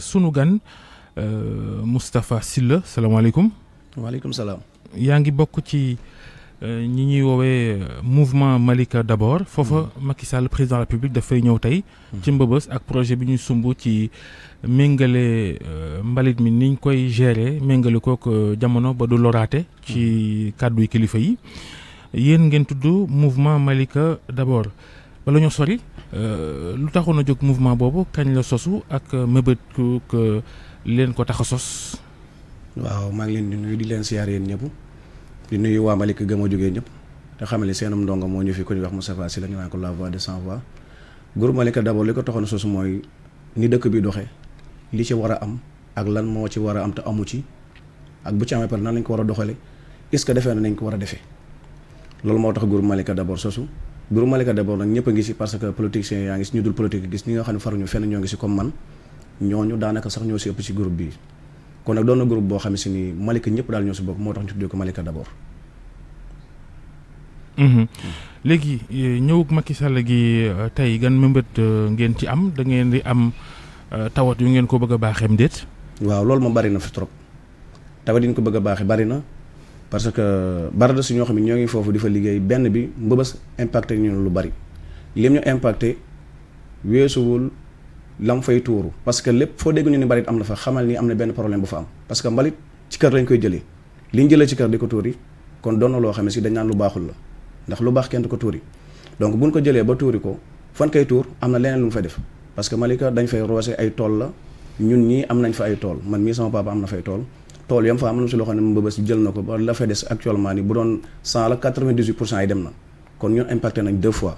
sunu euh, mustafa Silla, salam alaikum. waaleykum salam. yaa ngi bokk ci euh, ñi ñi wowe euh, mouvement Malika d'abord. Mm. Fofa Macky Sall président de la République fay ñew tay mm. ci mbëbës ak projet bi ñu sumbu ci mengalé mbalit mi niñ koy gérer ko ko jamono ba du loraté ci mm. yi kilifa yi. yeen ngeen mouvement Malika d'abord ba lañu sori. Euh, lu taxoon jog mouvement bobu kagn la sosu ak euh, mëbët ku len ko tax sos. waaw ma ngi len di nuyu di len siar yéen ñep di nuyu wa malik gëm a jógee ñëpp te xam senum ndonga mo ñu fi ko ñu wax mustafa si la ñu naan la voix de sans voix d'abord li ko sosu ni dekk bi doxé li ci wara am ak lan mo ci wara am te amu ci ak bu ci amé par nan lañ ko wara a est ce que defé nañ ko wara defé lolou d'abord sosu buru Malika ada nag ñëpp a ngi si parce que politiciens yaa ngi si ñu dul politique gis ñi nga xam ne faruñu fenn ñoo ngi si comme man sax ñoo si ëpp si groupe bi kon nag doon na groupe boo xam si ni Malika ñëpp daal ñoo si bokk moo ñu tuddee ko Malika Macky gan membet eh, ngeen ci am da ngeen di am eh, tawat yu ngeen ko bëgg a baaxeem déet waaw loolu na fi trop tawat yi ko bëgg a parce que barada na si ñoo xam ne ñoo ngi foofu di fa liggéey benn bi mbëbës impacté ñu lu bari lim ñu impacté weesuwul lam fay tuuru parce que lépp foo dégg ñu ni mbalit am na fa xamal ni am benn problème bu fa am parce que mbalit ci kër lañ koy jëlee liñ jëlee ci kër di ko tuuri kon doon na loo xam ne si dañ naan lu baaxul la ndax lu baax kenn ko tuuri donc buñ ko jëlee ba tuuri ko fan koy tuur am leneen lu mu def parce que malika dañ fay roose ay tool la ñun ñii am nañ fa ay tool man mii sama papa am na fay tool tool yam fa am na si loo xam ne mbëbës jël na ko ba la fa des actuellement ni bu doon cent la quatre-vingt-dix-huit pour cent yi dem na kon ñun impacté nañ deux fois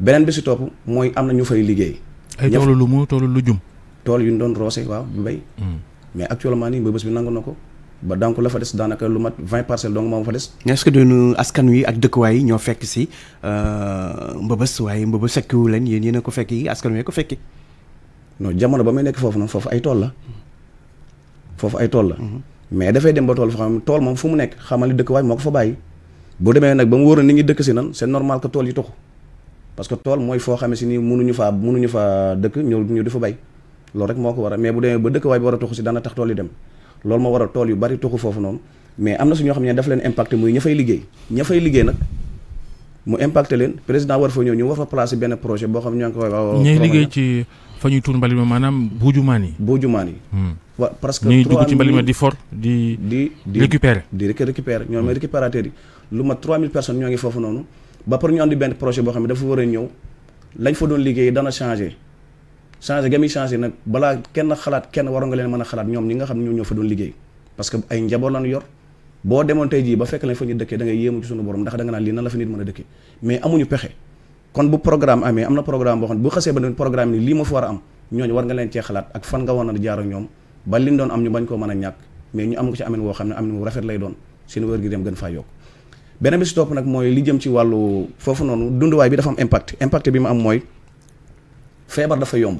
beneen bi si topp mooy am na ñu fay liggéey. ay toolu lu mu toolu lu jum. tool yu ñu doon roose waaw mbéy. Hmm. mais actuellement nii mbëbës bi nangu na ko. ba donc la fa des daanaka lu mat vingt parcelles donc moom fa des. est-ce que doonu askan wi ak dëkk yi ñoo fekk si euh, mbëbës waaye mbëbës fekkiwu leen yéen yéen a ko fekki askan wi ko fekki. non jamono ba may nekk foofu noonu foofu ay tool la hmm. ay tool la. Hmm. mais dafay dem ba tool foo xam tool moom fu mu nekk xamal ni dëkk waay moo ko fa bàyyi bu demee nag ba mu wóor na ni ngi dëkk si nan c'est normal que tool yi tuxu parce tool mooy foo xamee si ni mënuñu faa mënuñu faa dëkk ñëw ñu di fa bay loolu rek moo ko war a mais bu demee ba dëkk waay bi war a tuxu si dana tax tool yi dem loolu moo war a tool yu bari tuxu foofu noonu mais am na ñoo xam ne daf leen impact muy ña fay liggéey ña fay liggéey na mu impacté leen président war fa ñëw ñu war fa placé benn projet boo xam ñoo ngi koy waaw ñooy liggéey ci fa ñuy tuur mbalit ma maanaam buujumaan yi buujumaan yi hmm. parce que ñuy dugg ci di for di di di récupérer di récupérer ñoom mooy hmm. lu ma 3000 personnes ñoo ngi foofu noonu ba par ñu andi benn projet boo xam ne dafa war a ñëw lañ fa doon liggéey dana changé changé ga muy nag balaa kenn xalaat kenn waroon nga leen mën a xalaat ñoom ñi nga xam ne ñoo ñoo fa doon liggéey parce que ay njaboot lañu yor bo demoon tay ji ba fekk lañ fa ñu dëkke da ngay yéemu ci suñu borom ndax da nga naan li nan la fa nit mëna a mais amuñu pexé kon bu programme amé am programme bo xon bu xasse ba ñu programme ni li mo fa wara am ñoo war nga leen ci xalaat ak fan nga war jaar ak ñoom ba liñ doon am ñu bañ ko mëna ñak mais ñu am ko ci amen wo xamne ne mu rafet lay doon seen wër gi dem gën fa yok benen bi stop nak moy li jëm ci fofu dundu way bi dafa am impact impact bi mu am moy feebar dafa yomb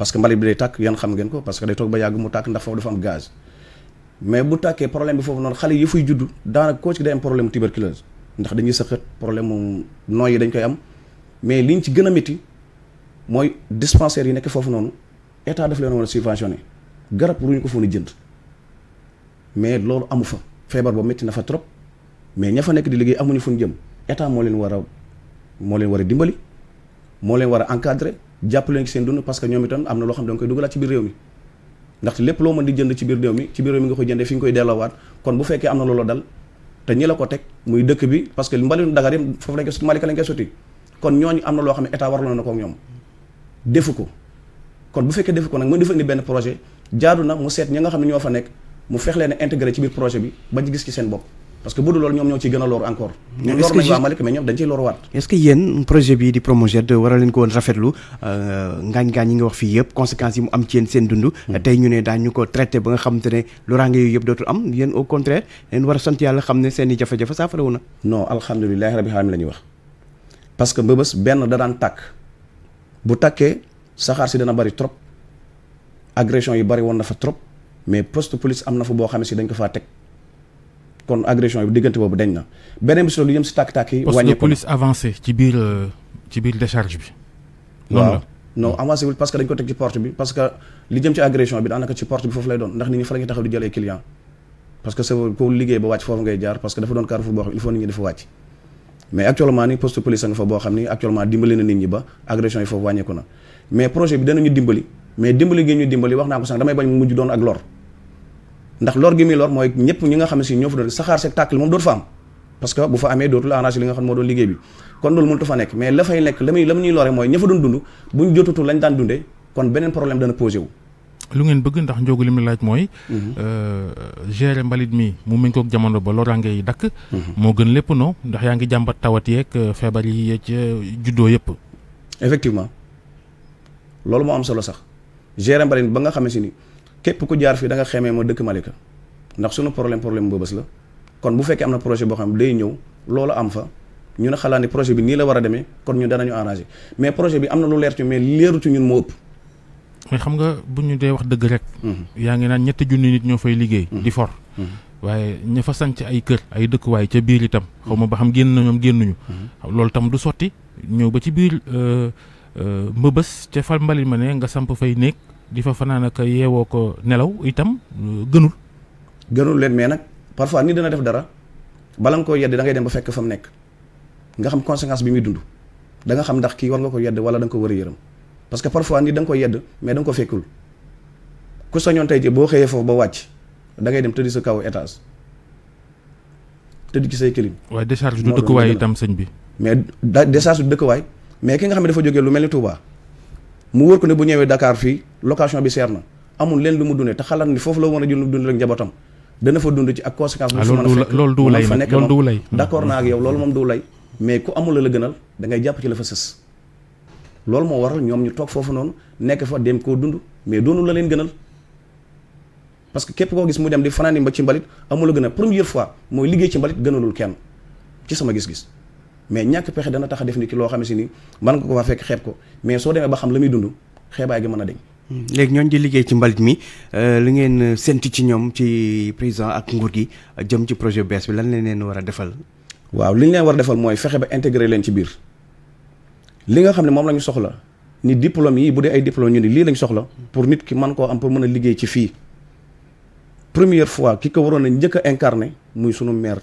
parce que mbalit bi day tak yan xam ngeen ko parce que day tok ba yag mu tak ndax fofu dafa am gaz mais bu tàkkee problème bi foofu noonu xale yi fuy judd daanaka koo ci day am problème tuberculose ndax dañuy sëqat problème mu nooy yi dañ koy am mais li ñu ci gën a métti mooy dispensaires yi nekk foofu noonu état def leen war a subventionné garab ruñu ko foon a jënd mais loolu amu fa feebar ba métti na fa trop mais ña fa nekk di liggéey amuñu fu ñu jëm état moo leen war a moo leen war a dimbali moo leen war a encadré jàpp leen ci seen dund parce que biir réew mi ndaxte lépp loo mën di jënd ci biir réew mi ci biir réew mi nga koy jëndee fi nga koy delloowaat kon bu fekkee am na loolu dal te ñi la ko teg muy dëkk bi parce que mbalinu Dakar yëpp foofu lañ ko Malika lañ koy sotti kon ñooñu am na loo xam ne état waraloon na ko ñoom defu ko kon bu fekkee defu ko nag mën dafa indi benn projet jaadu na mu seet ñi nga xam ne ñoo fa nekk mu fex leen a ci biir projet bi ba ñu gis ci seen bopp parce que bu dul loolu ñoom ñoo ci gën a lor encore ñun lor nañu waa Malick mais ñoom dañ ciy lor waat est-ce que yéen projet bii di Promoged war a leen ko woon rafetlu euh, ngaañ-ngaañ yi nga wax fii yëpp conséquences yi mu am ci yéen seen dund hmm. tey ñu ne daañu ko traité ba nga xamante ne loraange yooyu yëpp dootul am yéen au contraire leen war a sant yàlla xam ne seeni i jafe-jafe saafara wu na non alhamdulilahi rabbil alamin la ñuy wax parce que mbëbës benn da daan tàkk bu tàkkee saxaar si dana bari trop agression yi bari woon na fa trop mais poste police am na fa boo xam si dañ ko faa teg kon agression bi diggante boobu dañ na beneen bi si lu jëm si tàkk-tàkk yi. wàññeeku police avancé ci biir euh, ci biir décharge bi. waaw non avancé bi parce que li jëm ci agression bi daanaka ci porte bi foofu lay doon ndax nit ñi fa la taxaw di jël client parce que serveur pour liggéey ba wàcc foofu ngay jaar parce que dafa doon carrefour boo xam il faut nit ñi dafa wàcc mais actuellement ni poste police nga fa boo xam ni actuellement dimbali na nit ñi ba agression yi foofu wàññeeku na mais projet bi danañu dimbali ndax lor gi mi lor moy ñepp ñi nga xamni ne ñoo fa doon saxaar spectacle moom dootu fa am parce que bu fa amé dootul arrangé li nga xamni mo do liggéey bi kon mu mënut fa nek mais la fay nek la muy ñuy loré moy ñafa doon dund buñ jotatu lañ daan dundé kon benen problème dana posé wu lu ngeen bëgg ndax njogu limi laaj mhm. euh gérer mbalit mi mu ko ak jamono ba lorange yi dak mhm. mo gën lepp no ndax yaangi jambat tawat yek euh, feebar yi ci euh, juddoo yépp effectivement lool mo am solo sax gérer mbalit ba nga xamni ni képp ku jaar fii da nga xamee ma dëkk Malika ndax sunu problème problème mbëbës la kon bu fekkee am na projet boo xam ne day ñëw loolu am fa ñu ne xalaat ni projet bi nii la war a demee ñu danañu arrangé mais projet bi am na lu leer ci mais leeru ci ñun moo ëpp. mais xam nga bu ñu dee wax dëgg rek. Mm-hmm. yaa ngi naan ñetti junni nit ñoo fay liggéey. Mm-hmm. di for. Mm-hmm. waaye ña fa sanc ay kër ay dëkkuwaay ca biir itam. xaw ma ba xam génn na ñoom génnuñu. loolu tam du sotti ñëw ba ci biir euh, euh, mbëbës ca fal mbalit ma ne nga samp fay néeg di fa fanaan ak yeewoo ko nelaw itam euh, gënul. gënul leen mais nag parfois ni dana def dara bala nga koy yedd da ngay dem ba fekk fa mu nekk nga xam conséquence bi muy dund da nga xam ndax kii war nga ko yedd wala da nga ko war a yërëm parce que parfois ni da nga ko yedd mais da nga ko fekkul ku soñoon tey ji boo xëyee foofu ba wàcc da ngay dem tëddi sa kaw étage tëddi ci say kilim. waaye décharge du dëkkuwaay itam sëñ bi. mais décharge du dëkkuwaay mais ki nga xam ne dafa jógee lu mel ni Touba. mu wóor ko ne bu ñëwee Dakar fii location bi seer na amul leen lu mu dundee te xalaat ni foofu la war a jël lu dund rek njabootam dana fa dund ci ak conséquence bu ah, loolu fa nekk moom d'accord naa ak yow loolu moom du lay mais ku amul la la gënal da ngay jàpp ci la fa sës loolu moo waral ñoom ñu toog foofu noonu nekk fa dem koo dund mais doonu la leen gënal parce que képp koo gis mu dem di fanaan ba ci mbalit amul la gënal première fois mooy liggéey ci mbalit gënalul kenn ci sama gis-gis mais ñàkk pexe dana tax a def ni ki loo xam si ni mën nga ko faa fekk xeeb ko mais soo demee ba xam la muy dund xeebaay gi mën a deñ hmm. léegi ñooñu di liggéey ci mbalit mi euh, li ngeen séntu ci ñoom ci président ak nguur gi jëm ci projet bees bi lan lañ leen war a defal. waaw li ñu leen war a defal mooy fexe ba intégré leen ci biir li nga xam ne moom la ñu soxla ni diplôme yi bu dee ay diplôme ñu ni lii lañ soxla pour nit ki man koo am pour mën a liggéey ci fii première fois ki ko waroon a njëkk a incarné muy sunu maire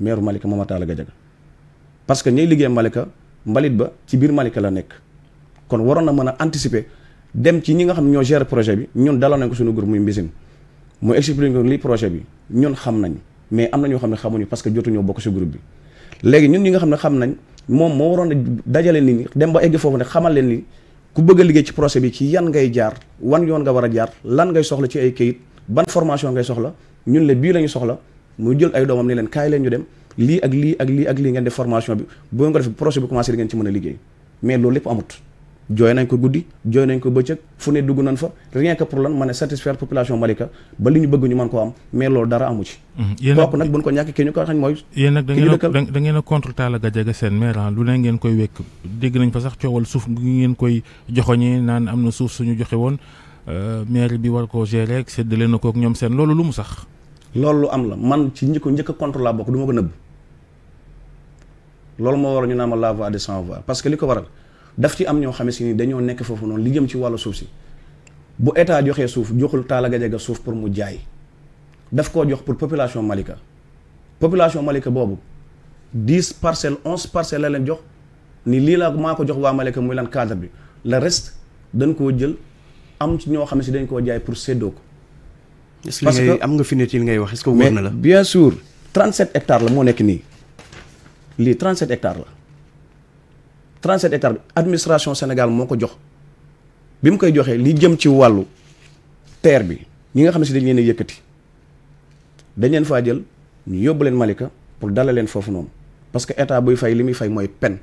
maire Malick Momar Talla Gadiaga parce que ñay liggéey malika mbalit ba ci biir malika la nek kon waroon na mën anticiper dem ci ñi nga xam ñoo gérer projet bi ñun dalal nañ ko suñu groupe muy mbisin mu expliqué li projet bi ñun xam nañ mais am na ñoo xamuñu parce que jotuñoo bokk si groupe bi léegi ñun ñi nga xam xam nañ moom moo waroon a dajale nit dem ba egg foofu ne xamal leen ni ku bëgg liggéey ci projet bi ci yan ngay jaar wan yoon nga jaar lan ngay soxla ci ay kayit ban formation ngay soxla ñun la bii lañu soxla muy jël ay doomam ne leen kaay leen ñu dem lii ak lii ak lii ak lii ngeen def formation bi bu ngeen ko def projet bi commencé di ci mën a liggéey mais loolu lépp amut jooy nañ ko guddi jooy nañ ko bëccëg fu ne dugg nañ fa pour lan mën a satisfaire population Malika ba li ko mm-hmm. ñàkk ki ñu a contre Talla Gadiaga seen maire ah, lu ne ngeen koy wekk dégg nañ fa sax coowal suuf ngeen koy joxoñee naan am na suuf suñu joxe euh, maire bi war koo gérer ak séddale na ko ak ñoom seen loolu lu mu sax. loolu lu am la man ci ñi ko njëkk a contre laa bokk du ma ko nëbb loolu moo war a ñu naan ma la voix des sans voix parce que li ko waral daf ci am ñoo xam ne si ni dañoo nekk foofu noonu li jëm ci wàllu suuf si bu état joxee suuf joxul Talla Gadiaga suuf pour mu jaay daf koo jox pour population Malika population Malika boobu dix parcelle onze parcelles la leen jox ni lii laa maa ko jox waa Malika muy lan cadre bi la reste dañ koo jël am ci ñoo xam ne si dañ koo jaay pour séddoo ko. parce que am nga fi nit yi ngay wax est na la. bien sûr 37 hectares la moo nekk nii. lii 37 ectare la 37 hectares bi administration Sénégal moo ko jox bi mu koy joxee li jëm ci wàllu terre bi ñi nga xam ne si dañ leen yëkkati dañ leen faa jël ñu yóbbu leen Malika pour dala leen foofu noonu parce que état buy fay li muy fay mooy pen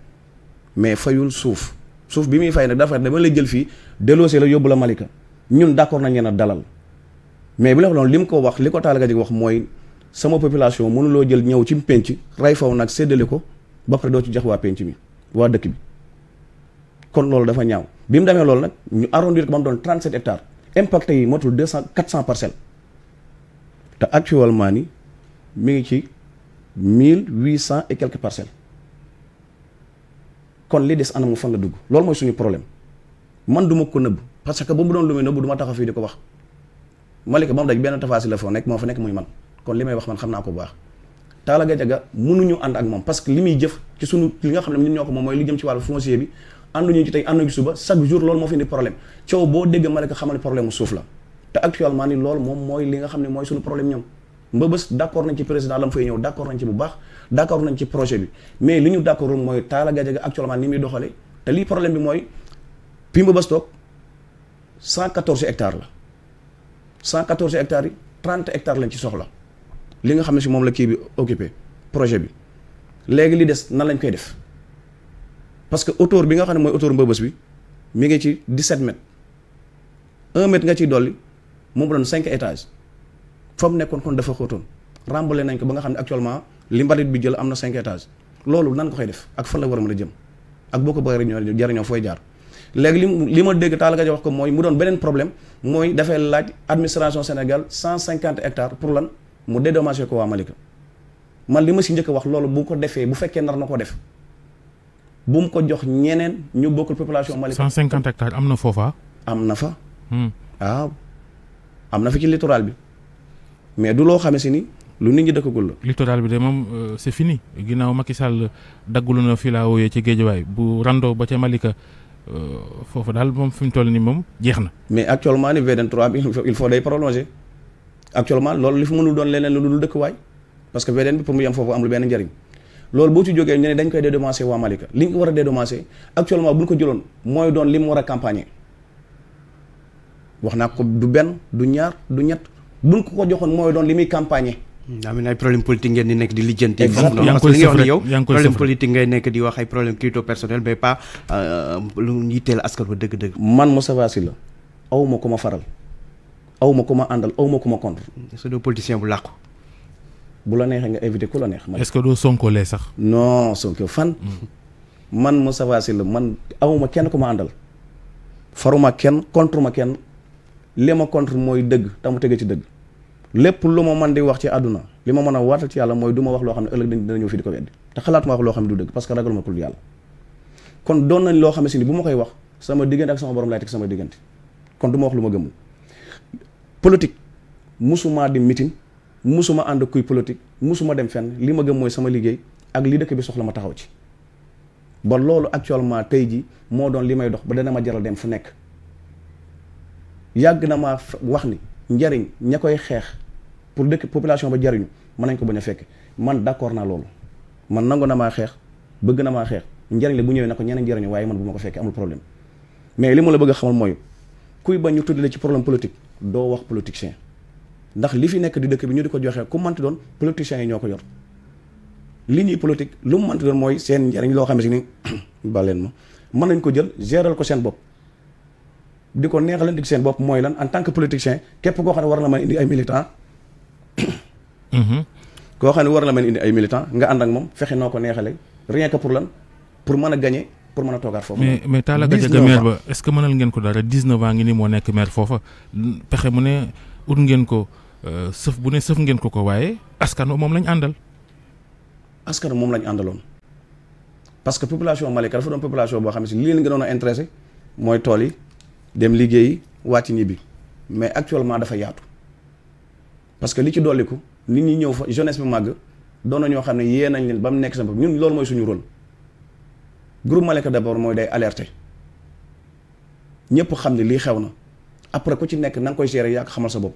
mais fayul suuf suuf bi muy fay nag dafa dama la jël fii déloosé la yóbbu la Malika ñun d'accord nañ leen a dalal mais bu la ko loolu li mu ko wax li ko taalaga ji wax mooy. sama population lo jël ñew ci penc ray faw nak sédélé ko ba paré do ci jox wa penc mi wa dëkk bi kon lool dafa ñaaw bi mu démé lool nak ñu arrondir ko ba mu doon 37 hectares impact yi motul 200 400 parcelles ta actuellement ni mi ngi ci 1800 et quelques parcelles kon li dess anam fa la dugg lool moy suñu problème man duma ko neub parce que bu mu doon lu muy nëbb du ma taxaw fii di wax malika bam daj ben tafaasi la fo nek mo fa nek muy man kon li may wax man xam naa ko bu baax Talla Gadiaga mënuñu ànd ak moom parce que li muy jëf ci sunu li nga xam ne ñun ñoo ko moom mooy li jëm ci wàllu foncier bi ànduñu ci tey ànduñu ci suba chaque jour loolu moo fi indi problème coow boo dégg ma ne ko xamal problème suuf la te actuellement ni loolu moom mooy li nga xam ne mooy suñu problème ñoom mbëbës d' accord nañ ci président la mu fay ñëw d' accord nañ ci bu baax d' bi mais li ñu d' accord mooy Talla Gadiaga actuellement ni muy doxale te lii problème bi mooy pi mbëbës toog 114 hectares la 114 hectares yi 30 hectares lañ ci soxla li nga xam ne si moom la kii bi occupé projet bi léegi li des nan lañ koy def parce que autour bi nga xam ne mooy autour mbëbës bi mi ngi ci 17 mètres 1 mètre nga ciy dolli moom doon 5 étages fa mu nekkoon kon dafa xóotoon rembale nañ ko ba nga xam ne actuellement li mbalit bi jël am na 5 étages loolu nan nga koy def ak fan la war a mën a jëm ak boo ko bëggee ñoo jariñoo fooy jaar. léegi li mu li ma dégg Talla Gadio wax ko mooy mu doon beneen problème mooy dafay laaj administration Sénégal 150 hectares pour lan. mu dédommagé ko waa Malika man li ma si njëkk a wax loolu bu ko defee bu fekkee nar na ko def bu mu ko jox ñeneen ñu bokkul population Malika. 150 hectares am na foofa. am na fa. waaw hmm. ah, am na fa ci littoral bi mais du loo xamee si ni lu nit ñi dëkkagul la. littoral bi de moom euh, c'est fini ginnaaw Macky Sall daggulu na filao yee ci géejuwaay bu rando ba ca Malika. Euh, foofu daal moom fi mu toll nii moom jeex na. mais actuellement ni VDN 3 bi il faut day prolonger. actuellement loolu li fi mënul doon leneen lu dul dëkkuwaay parce que VDN bi pour mu yem foofu amul benn njariñ loolu boo ci jógee ñu ne dañ koy dédommagé waa Malika li nga ko war a dédommagé actuellement bu ñu ko jëloon mooy doon li mu war a campagne wax naa ko du benn du ñaar du ñett buñ ko ko joxoon mooy doon li muy campagne amin ay problème politique ngeen di nekk di lijjanti parce que li nga wax yow problème politique ngay nekk di wax ay problème crypto personnel mais pas euh, lu yitteel askan wa dëgg-dëgg man Moustapha Sylla aw ma ko ma faral aw ma ma àndal aw ma ku ma contre. est-ce que doo politicien bu làqu. bu la neexee nga invité ku la neex. que doo sonkolee sax. non sonko fan. Mm. man Moustapha Sylla man awuma kenn ku ma àndal. faruma kenn ma kenn li ma contre mooy dëgg te mu tege ci dëgg. lépp lu ma mën di a waatal ci yàlla mooy du loo xam ne ëllëg dina ñëw fi di ko loo xam ne du ne bu ma koy wax sama diggante ak sama borom laay sama diggante kon du wax lu ma gëmul. politique musuma di meeting musuma ànd kuy politique musuma dem fenn li ma gëm mooy sama liggéey ak li dëkk bi soxla ma taxaw ci ba loolu actuellement tey ji doon dox ba dana ma jaral dem fu nekk yàgg na maa wax ni njariñ ña koy xeex pour dëkk population ba jariñu mën nañ ko bañ a fekk man d' accord naa loolu man nangu na maa xeex bëgg na maa xeex njariñ la bu ñëwee na ko ñeneen waaye man bu ma ko fekkee amul problème mais li ma la bëgg a xamal mooy kuy bañ ñu tudd ci problème politique do wax politicien ndax li fi nek di dekk bi ñu di joxe ku mant doon politiciens yi ñoko yor li ñuy politique lu mu mënti doon moy seen jarign lo xam ni balen ma man nañ ko jël géral ko seen bop di ko neexalan di seen bop moy lan en tant que politicien kep ko xam war na mën indi ay militant hmm ko ne war na mën mhm. indi ay militant nga and ak mom fexé noko neexale rien que pour lan pour mën gagner pour mën a toogaat foofu. mais mais Talla Gadiaga maire ba est ce que mënal ngeen ko dara 19 ans ngi ni moo nekk maire foofa pexe mu ne ut ngeen ko euh, sëf bu ne sëf ngeen ko ko waaye askan moom lañ àndal. askan moom lañ àndaloon parce que population ka dafa doon population boo xam ne si li leen gënoon a intéressé mooy tool yi dem liggéeyi wàcc ñibbi mais actuellement dafa yaatu parce que li ci dolliku nit ñi ñëw fa jeunesse bi màgg doon na ñoo xam ne yee nañ leen ba mu nekk sa ñun loolu mooy suñu rôle. groupe Malika d'abord mooy day alerte ñëpp xam ne lii xew na après ku ci nekk na nga koy gérer yaa ko xamal sa bopp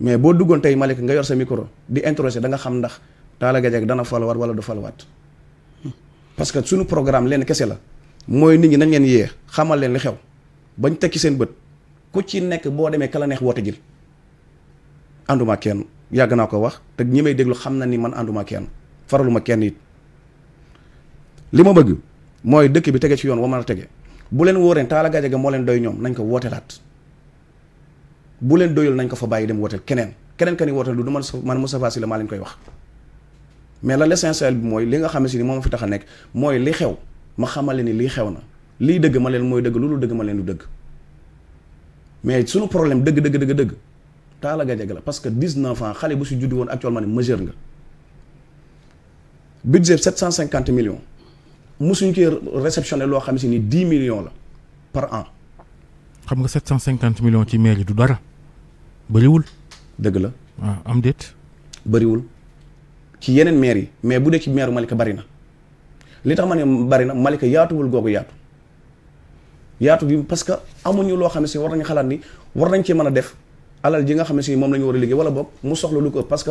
mais boo duggoon tey Malika nga yor sa micro di interroger da nga xam ndax Talla Gajaga dana falwaat wala du falwaat parce que suñu programme leen kese la mooy nit ñi nañ leen yee xamal leen li xew ba bañ tekki seen bët ku ci nekk boo demee kala neex woote jël ànduma kenn yàgg naa ko wax te ñi may déglu xam na ni man ànduma kenn faralu ma kenn it ma bëgg. mooy dëkk bi tege ci yoon wa man a tege bu leen wóoree Talla Gadiaga moo leen doy ñoom nañ ko wooteelaat bu leen doyul nañ ko fa bàyyi dem wooteel keneen keneen ka ni wooteel du man man Moustapha Sylla maa leen koy wax mais la l'essentiel bi mooy li nga xam si ni moom fi tax a nekk mooy li xew ma xamale ni lii xew na lii dëgg ma leen mooy dëgg lu loolu dëgg ma leen du dëgg mais suñu problème dëgg dëgg dëgg dëgg Talla Gadiaga la parce que 19 ans xale bu si juddu woon actuellement ni majeur nga budget 750 millions musuñ ci réceptionné lo xam ni 10 millions la par an xam nga 750 millions ci maire du dara wul deug la waaw ah, am bari wul ci yenen maire yi mais bu dee ci maire Malika bari na li tax mané ne bari na Malika yaatuwul googu yaatu yaatu bi parce que amuñu lo xam ne si war nañ xalaat ni war nañ ci mëna def alal ji nga xam ne mom lañu wara liggé wala bok mu soxla lu ko parce que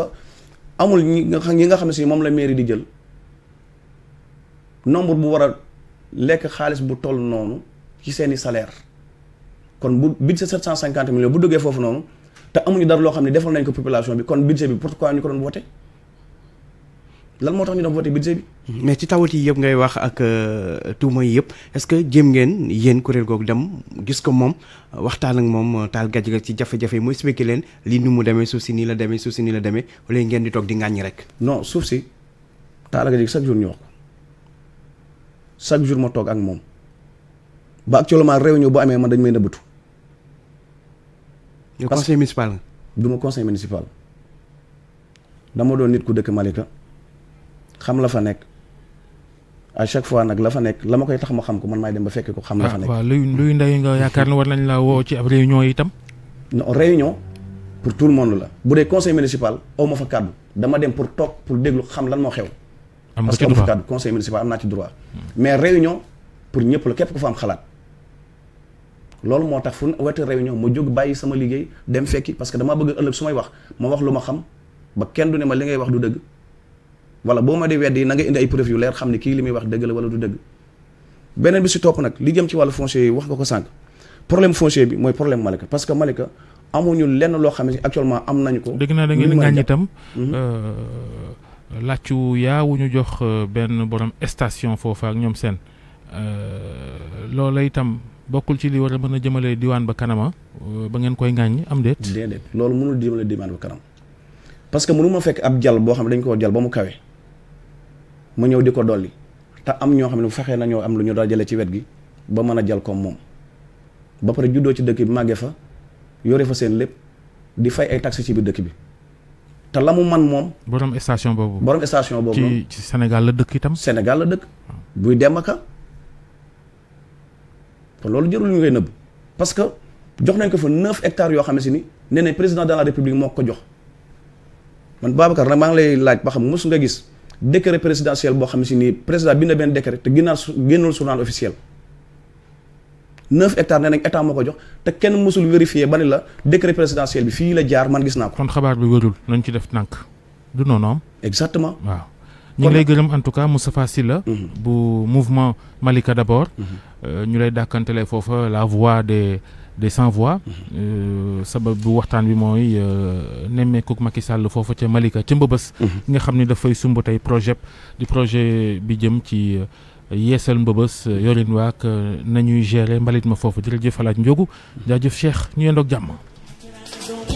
amul ñi nga xam ne mom la maire di jël nombre bu war a lekk xaalis bu toll noonu ci seeni salaire kon bu budget sept cent cinquante millions bu duggee foofu noonu te amuñu dara loo xam ne defal nañ ko population bi kon budget bi pourquoi ñu ko doon voté lan moo tax ñu doon voté budget bi. mais ci tawat yi yëpp ngay wax ak euh, tuuma yi yëpp est-ce que jéem ngeen yéen kuréel googu dem gis ko moom waxtaan ak moom taal gàj ga ci jafe-jafe yi mu expliqué leen lii nu mu demee suuf si nii la demee suuf si nii la demee wala ngeen di toog di ŋàññi rek. suuf si taal gàj gi chaque jour chaque jour ma tok ak mom ba actuellement réunion bu amé man dañ may nëbbatu. yow conseil municipal duma conseil municipal dama doon nit ku dëkk Malika xam la fa nek à chaque fois nak la fa nek lama koy tax ma xam ko man may dem ba fekk ko. xam la fa ah, nek wa luy luy nday nga yakarna war lañ la wo ci ab réunion itam. non réunion pour tout le monde la bu conseil municipal o ma fa kaddu dama dem pour tok pour déglu xam lan mo xew. am parce que amul cadre conseil municipal am naa ci droit mais réunion pour ñëpp la képp ku fa am xalaat loolu moo tax fu wetu réunion ma jóg bàyyi sama liggéey dem fekki parce que dama bëgg ëllëg su may wax ma wax lu ma xam ba kenn du ne ma li ngay wax du dëgg wala boo ma di weddi na nga indi ay preuve leer xam ne kii li may wax dëgg la wala du dëgg beneen bi si topp nag li jëm ci wàll foncier yi wax nga ko sànq problème foncé bi mooy problème Malika parce que Malika amuñu lenn loo xam ne actuellement am nañu ko. dégg naa da ngeen a ngaañ itam. Mhm. Euh, la yaa wu ñu jox euh, ben borom station foofa ak sen euh loola itam bokul ci li wara mëna jëmele diwan ba kanama ah, euh, ba ngeen koy ŋàññ am déet. déedéet lolou mënu jëmele diwan ba kanam parce que mënu ma fekk ab jall bo xamne dañ ko jal ba mu kawe ma ñew di ko dolli am ño xamne faxé bu fexee am lu ñu jël ci wet gi ba mëna jall ko mom ba paré juddo ci dëkk bi magé fa yore fa sen lepp di fay ay taxi ci bi dëkk bi. te la mu man moom. borom station boobu. borom station boobu ci ci Sénégal la dëkk itam. Sénégal la dëkk. Ah. buy dem ak kon loolu jërul ñu koy nëbb parce que jox nañ ko fa neuf hectares yoo xam ne si ni nee nañ président de la république moo ko jox man Babacar nag maa ngi lay laaj ba xam mos nga gis décret présidentiel boo xam ne si nii président bind benn décret te ginnaaw génnul journal officiel. 9 hectares nee état moo jox te kenn musul vérifier ba la décret présidentiel bi fi la jaar man gis naa kon xabar bi wérul nañ ci def nànk du nonom exactement waaw. ñi lay gëreum en tout cas Moustapha Sylla mhm. bu mouvement Malika d'abord. Mhm. Euh, ñu lay dakantelé fofu la voix des des sans voix. Mhm. Euh, sabab bu waxtan bi mooy euh, nemmeekuk Macky Sall fofu ci Malika ci Mbëbës. nga xamni da fay sumbu tay projet di projet bi jëm ci yeesal mbëbës euh, yorin waak euh, nañuy géré mbalit ma foofu jërëjëf Alaaji Njóogu mm-hmm. jaajëf Cheikh ñu yendoog jàmm